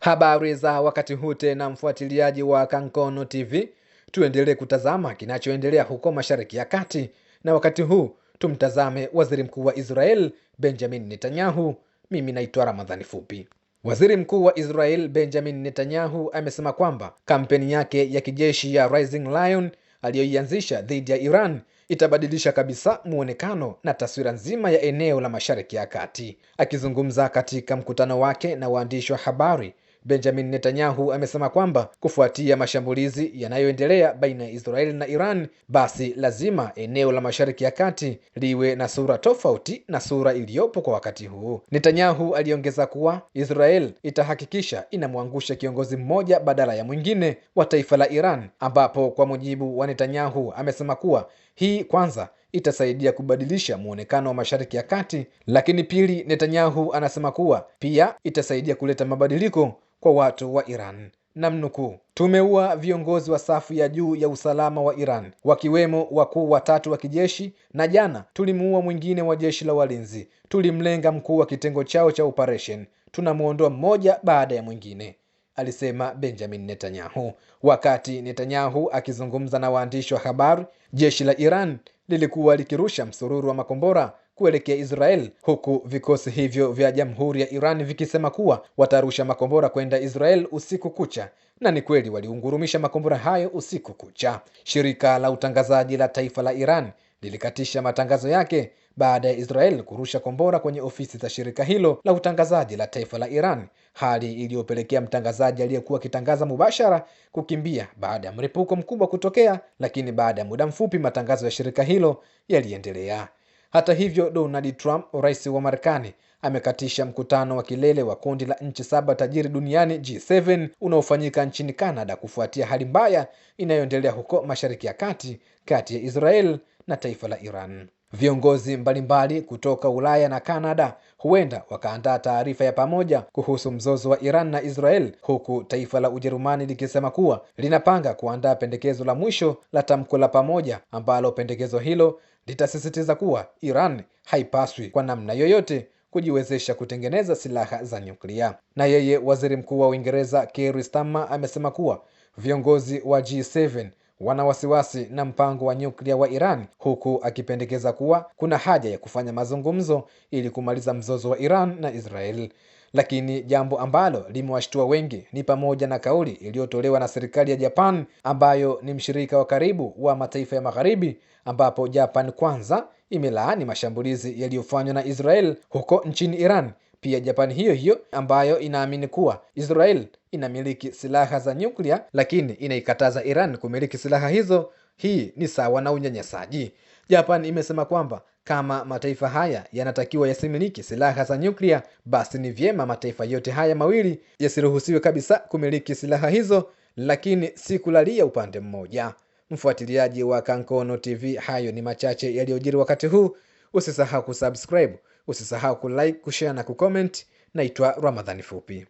Habari za wakati huu tena, mfuatiliaji wa Kankono TV, tuendelee kutazama kinachoendelea huko Mashariki ya Kati, na wakati huu tumtazame waziri mkuu wa Israel Benjamin Netanyahu. Mimi naitwa Ramadhani Fupi. Waziri mkuu wa Israel Benjamin Netanyahu amesema kwamba kampeni yake ya kijeshi ya Rising Lion aliyoianzisha dhidi ya Iran itabadilisha kabisa muonekano na taswira nzima ya eneo la Mashariki ya Kati. Akizungumza katika mkutano wake na waandishi wa habari Benjamin Netanyahu amesema kwamba kufuatia mashambulizi yanayoendelea baina ya Israeli na Iran, basi lazima eneo la Mashariki ya Kati liwe na sura tofauti na sura iliyopo kwa wakati huu. Netanyahu aliongeza kuwa Israel itahakikisha inamwangusha kiongozi mmoja badala ya mwingine wa taifa la Iran, ambapo kwa mujibu wa Netanyahu amesema kuwa hii kwanza itasaidia kubadilisha muonekano wa Mashariki ya Kati, lakini pili, Netanyahu anasema kuwa pia itasaidia kuleta mabadiliko kwa watu wa Iran. Namnukuu, tumeua viongozi wa safu ya juu ya usalama wa Iran wakiwemo wakuu watatu wa kijeshi, na jana tulimuua mwingine wa jeshi la walinzi. Tulimlenga mkuu wa kitengo chao cha operation. Tunamwondoa mmoja baada ya mwingine alisema benjamin netanyahu wakati netanyahu akizungumza na waandishi wa habari jeshi la iran lilikuwa likirusha msururu wa makombora kuelekea israel huku vikosi hivyo vya jamhuri ya iran vikisema kuwa watarusha makombora kwenda israel usiku kucha na ni kweli waliungurumisha makombora hayo usiku kucha shirika la utangazaji la taifa la iran lilikatisha matangazo yake baada ya Israel kurusha kombora kwenye ofisi za shirika hilo la utangazaji la taifa la Iran, hali iliyopelekea mtangazaji aliyekuwa akitangaza mubashara kukimbia baada ya mlipuko mkubwa kutokea, lakini baada ya muda mfupi matangazo ya shirika hilo yaliendelea. Hata hivyo, Donald Trump, rais wa Marekani, amekatisha mkutano wa kilele wa kundi la nchi saba tajiri duniani G7 unaofanyika nchini Canada kufuatia hali mbaya inayoendelea huko Mashariki ya Kati kati ya Israel na taifa la Iran. Viongozi mbalimbali kutoka Ulaya na Kanada huenda wakaandaa taarifa ya pamoja kuhusu mzozo wa Iran na Israel, huku taifa la Ujerumani likisema kuwa linapanga kuandaa pendekezo la mwisho la tamko la pamoja, ambalo pendekezo hilo litasisitiza kuwa Iran haipaswi kwa namna yoyote kujiwezesha kutengeneza silaha za nyuklia. Na yeye waziri mkuu wa Uingereza Keir Starmer amesema kuwa viongozi wa G7 wana wasiwasi na mpango wa nyuklia wa Iran, huku akipendekeza kuwa kuna haja ya kufanya mazungumzo ili kumaliza mzozo wa Iran na Israel. Lakini jambo ambalo limewashtua wengi ni pamoja na kauli iliyotolewa na serikali ya Japan ambayo ni mshirika wa karibu wa mataifa ya Magharibi, ambapo Japan kwanza imelaani mashambulizi yaliyofanywa na Israel huko nchini Iran pia Japani hiyo hiyo ambayo inaamini kuwa Israel inamiliki silaha za nyuklia, lakini inaikataza Iran kumiliki silaha hizo. Hii ni sawa na unyanyasaji. Japan imesema kwamba kama mataifa haya yanatakiwa yasimiliki silaha za nyuklia, basi ni vyema mataifa yote haya mawili yasiruhusiwe kabisa kumiliki silaha hizo, lakini si kulalia upande mmoja. Mfuatiliaji wa Kankono TV, hayo ni machache yaliyojiri wakati huu. Usisahau kusubscribe Usisahau kulike, kushare na kucomment. Naitwa Ramadhani Fupi.